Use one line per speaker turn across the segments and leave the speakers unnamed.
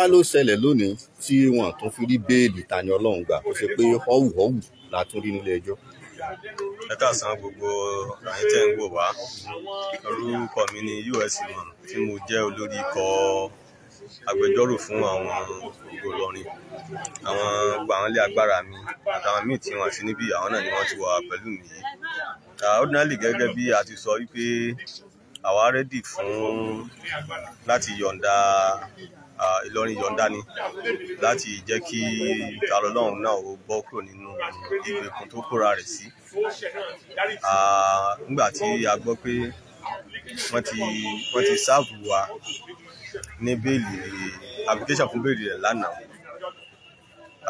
wá ló ṣẹlẹ̀ lónìí tí wọn tún fi rí béèlì Tani Olohun gbà tó ṣe pé họ́wù họ́wù la
tún rí nílé ẹjọ́. ẹ káàsán gbogbo àyín tẹ́ ń wò wá orúkọ mi ni US man tí mo jẹ́ olórí ikọ̀ agbẹjọ́rò fún àwọn Ògo Ìlọrin àwọn gbàwọ́nlé agbára mi àtàwọn míì tí wọ́n sí níbí àwọn náà ni wọ́n ti wà pẹ̀lú mi yìí ordinarily gẹ́gẹ́ bí a ti sọ wípé àwa rẹ́dì fún láti yọ̀ǹda Ìlọrin yọ̀ǹda ni láti jẹ́ kí ìkàrọ̀ ọlọ́run náà ó bọ́ kúrò nínú ìgbèkùn tó kóra rẹ̀ sí. Nígbà tí a gbọ́ pé wọ́n ti wọ́n ti sáàbù wa ní bẹ́ẹ̀lì application fún bẹ́ẹ̀lì rẹ̀ lánàá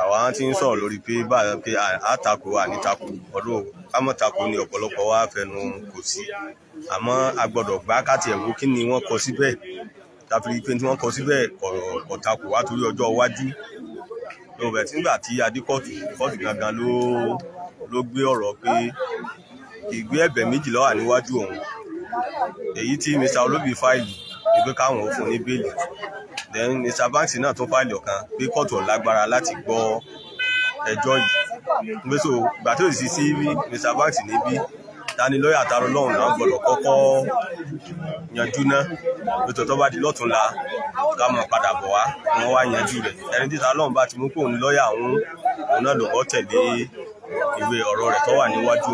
àwa ti ń sọ̀rọ̀ lórí pé báyọ̀ pé àtakò ànítakò ọdún àmọ̀takò ni ọ̀pọ̀lọpọ̀ wa fẹnu kò sí àmọ́ a gbọ́dọ̀ gbá káti ẹ̀wò kí ni wọ́n kọ síbẹ̀ tàfi pé tí wọ́n kọ síbẹ̀ kọ̀tàkù wá torí ọjọ́ iwájú ló bẹ̀ tí nígbà tí adékọ̀tù kọ́ọ̀tù gangan ló gbé ọ̀rọ̀ pé ìgbé ẹ̀bẹ̀ méjì ló níwájú òun èyí tí Mr Olóbì fáìlì ni pé káwọn ò fún ní bẹ́ẹ̀lì then Mr Banks náà tún fáìlì ọ̀kan pé kóòtù ò lágbára láti gbọ́ ẹjọ́ yìí gbèsò gbàtò ìsísí Mr Banks níbí ìdánilọ́yà àtàrọ lọ́hùn náà gbọ́dọ̀ kọ́kọ́ yanjú náà ètò tó bá di lọ́túnla ká mọ̀ padà bọ̀ wá wọn wá yanjú rẹ̀ ẹni títa lọ́hùn bá ti mú kóun lọ́yà òun òun náà lòun tẹ̀lé ìwé ọ̀rọ̀ rẹ̀ tó wà níwájú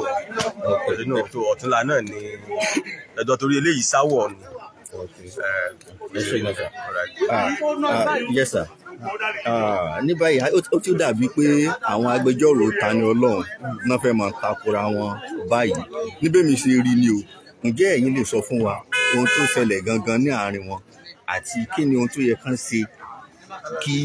ọ̀hún nínú tó náà ni ẹjọ́ torí eléyìí sáwọ̀ ni. Okay. Uh, okay. Uh, yes, sir. Uh, yes, sir. Ah,
ní báyìí ó tún dàbí pé àwọn agbẹjọ́rò Tani Olohun náà fẹ́ máa takora wọn báyìí níbẹ̀ mi ṣe rí ni o ǹjẹ́ ẹ̀yin lè sọ fún wa ohun tó ṣẹlẹ̀ gangan ní àárín wọn àti kí ni ohun tó yẹ kán ṣe kí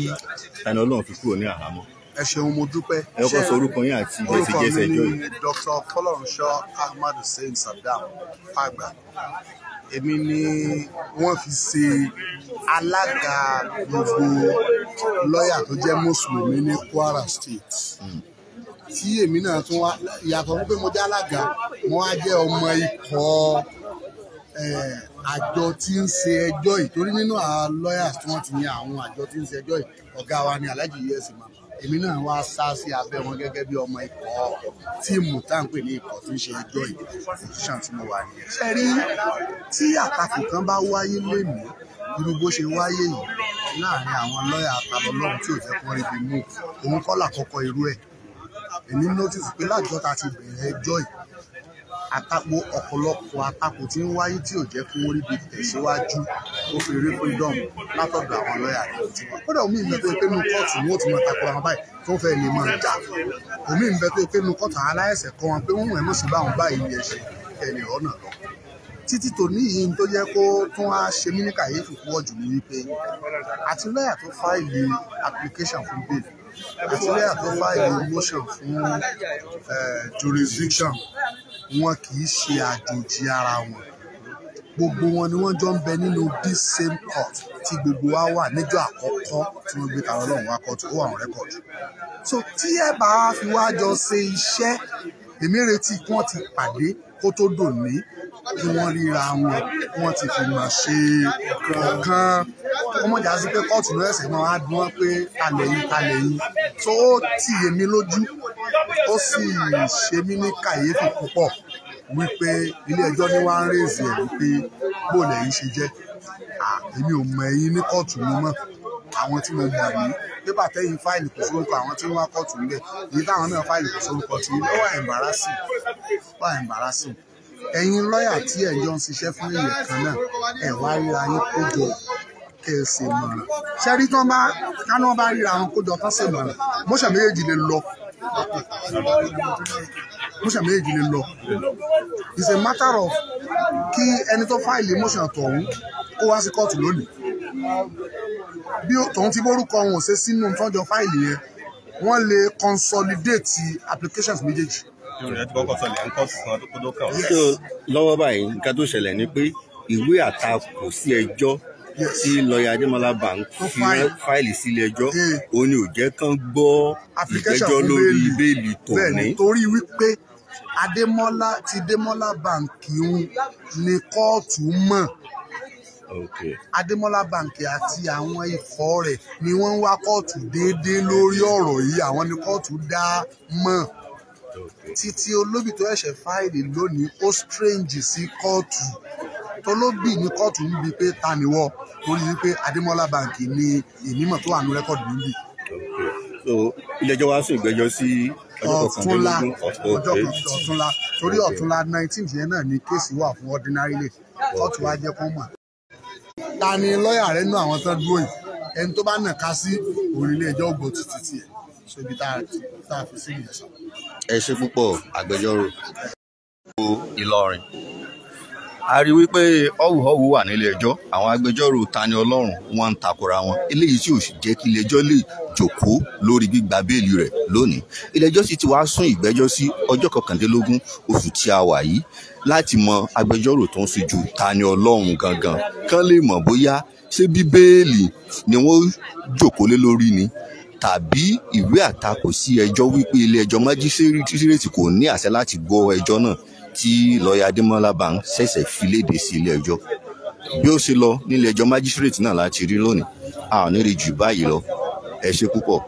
Tani Olohun fi kúrò ní àhámọ́. ẹ ṣeun mo dúpẹ́. ẹ kọ́ sọ orúkọ yín àti gbèsèjẹsẹ ìjọ yìí. orúkọ mi ni
Dr. Fọlọ́runṣọ́ Ahmadu Seyìn Saddam Fagba èmi ni wọ́n fi ṣe alága gbogbo lọ́ọ̀yà tó jẹ́ mùsùlùmí ní Kwara State hmm. tí èmi náà tún wá yàtọ̀ wípé mo jẹ́ alága mo wá jẹ́ ọmọ ikọ̀ àjọ tí ń ṣe ẹjọ́ yìí torí nínú àwọn lọ́ọ̀yà tí wọ́n ti yan àwọn àjọ tí ń ṣe ẹjọ́ yìí ọ̀gá wa ni Alhaji EFCC máa èmi náà wá sá sí abẹ́ wọn gẹ́gẹ́ bí ọmọ ikọ̀ tíìmù tá à ń pè ní ikọ̀ tó ń ṣe ẹjọ́ ìpòsíṣàn tí mo wà nìyẹn. ṣe rí tí àtakò kan bá wáyé lénìí irú bó ṣe wáyé yìí láàrin àwọn lọ́ọ̀yà àtàlọ́lọ́run tí ò jẹ́ kó rí mú òun kọ́ làkọ́kọ́ irú ẹ̀ èmi notice pé lájọ́ ti bẹ̀rẹ̀ ẹjọ́ yìí àtakò ọ̀pọ̀lọpọ̀ àtakò tí ń wáyé tí ò jẹ́ kó wọ́n ríbi tẹ̀síwájú ó fi rí freedom
látọ̀dọ̀ àwọn lọ́ọ̀yà rẹ̀ tí
wọ́n kódà omi ìbẹ̀ tó yẹ pé nu kóòtù ni wọ́n ti máa takò àwọn báyìí tó ń fẹ́ lè máa jà omi ìbẹ̀ tó yẹ pé nu kóòtù àwọn aláìsẹ̀ kọ́ wọn pé wọ́n mọ̀ ẹ́ mọ̀ṣẹ́ báwọn báyìí yẹ ṣe ẹnì ọ̀nà lọ títí tòní yìí tó yẹ kó tún á ṣe mí ní kàyéfì púpọ̀ application fún bail àti lọ́ọ̀yà tó motion fún eh, jurisdiction wọn kì í ṣe àjòjì ara wọn gbogbo wọn ni wọ́n jọ ń bẹ nínú this same court tí gbogbo wa wà níjọ́ àkọ́kọ́ tí wọ́n gbé tàwọn ọlọ́run wa court ó àwọn record so tí ẹ bá fi wá jọ ṣe iṣẹ́ èmi retí kí wọ́n ti pàdé kó tó dòní kí wọ́n ríra wọn wọ́n ti fi máa ṣe ọ̀kan kọ́mọ̀jà sí pé kóòtù ló ẹ̀sẹ̀ náà á dún wọn pé alẹ̀ yín alẹ̀ yín tó ti yè mí lójú ó sì ṣe mí ní kàyéfì púpọ̀ wípé ilé-ẹjọ́ ní wàá ń rèézì ẹ̀ wípé bó lẹ́yìn ṣe jẹ́ èmi ò mọ ẹ̀yin ní kóòtù mi mọ́ àwọn tí mo mọ̀ ní pépà tẹ́yìn fáìlì kò sórúkọ àwọn tí wọ́n wá kóòtù níbẹ̀ èyí táwọn náà fáìlì kò sórúkọ tí ó wà ẹ̀ǹbárásì wà ẹ̀ǹbárásì ẹ̀yin lọ́ọ̀yà tí ẹ̀jọ́ ń ṣiṣẹ́ fún èèyàn náà ẹ̀ wá ríra yín kó jọ kẹsì mọ̀ràn ṣẹ́rí tán bá káná bá ríra àwọn kójọ tán sì mọ̀ràn mọ́ṣà méjèèjì lè lọ mọ́ṣà méjèèjì lè lọ it's a matter of kí ẹni tó fáìlì mọ́ṣà tọ̀hún kó wá sí kóòtù lónìí bí tọ̀hún ti bórúkọ wọn ò ṣe sínú tọ́jọ fáìlì yẹn wọ́n lè consolidate applications
méjèèjì.
lọ́wọ́ báyìí nǹkan tó ṣẹlẹ̀ ni pé ìwé àtakò sí ẹjọ́ tí lọ́ọ̀yà Adémọ́lá Bank fi fáìlì sílé ẹjọ́ òun ni ò jẹ́ kán gbọ́ ìgbẹ́jọ́ lórí bẹ́ẹ̀lì tòní.
torí wípé Adémọ́lá ti Adémọ́lá Bank ń ní kóòtù mọ̀ Adémọ́lá Bank àti àwọn ikọ̀ rẹ̀ ni wọ́n ń wá kóòtù déédéé lórí ọ̀rọ̀ yìí àwọn ni kóòtù dá mọ̀ títí olóbì tó ẹ̀ṣẹ̀ fáìlì lónìí ó strange sí kóòtù tó ló bì ní kóòtù ń bi pé ta ni wọ torí wípé Adémọ́lá báǹkì ni ènìmọ̀ tó wà ní rẹ́kọ̀dù níbi.
ilé-ẹjọ́ wa sún ìgbẹ́jọ́ sí ọ̀túnla
ọjọ́ kọ̀ọ̀tún ọ̀túnla torí ọ̀túnla
nineteen yẹn náà ni kéèsì wà fún ordinary lè kóòtù wa jẹ́ kó mọ̀. ta ni lọ́ọ̀yà rẹ̀ nú àwọn tán dúró yìí ẹni tó bá nà ká sí òun ilé-ẹjọ́ ògbó títí tiẹ̀ ṣébi tá a fi sí ìyẹn sọ.
ẹ ṣe púpọ̀ agbẹjọ́rò. Ìlọrin a rí wípé ọ̀wùhọ̀wù wà nílé ẹjọ́ àwọn agbẹjọ́rò Tani Ọlọ́run wọn ń takora wọn eléyìí tí ò sì jẹ́ kí ilé ẹjọ́ lè jòkó lórí gbígba béèlì rẹ̀ lónìí ilé sì ti wá sún ìgbẹ́jọ́ sí ọjọ́ kọkàndínlógún oṣù tí a wà yìí láti mọ agbẹjọ́rò tó ń ṣojú Tani Ọlọ́run gangan kán lè mọ̀ bóyá ṣé bí béèlì ni wọ́n jòkó lé lórí ni tàbí ìwé àtakò sí ẹjọ́ wípé ilé ẹjọ́ májísírèètì kò ní àṣẹ láti gbọ́ ẹjọ́ náà tí lọ́ọ̀yà adémọ́lá bank ṣẹ̀ṣẹ̀ fi léde sí ilé ẹjọ́ bí ó ṣe lọ nílé ẹjọ́ májísírèètì náà láti rí lónìí a ò ní rí jù báyìí lọ ẹ ṣe púpọ̀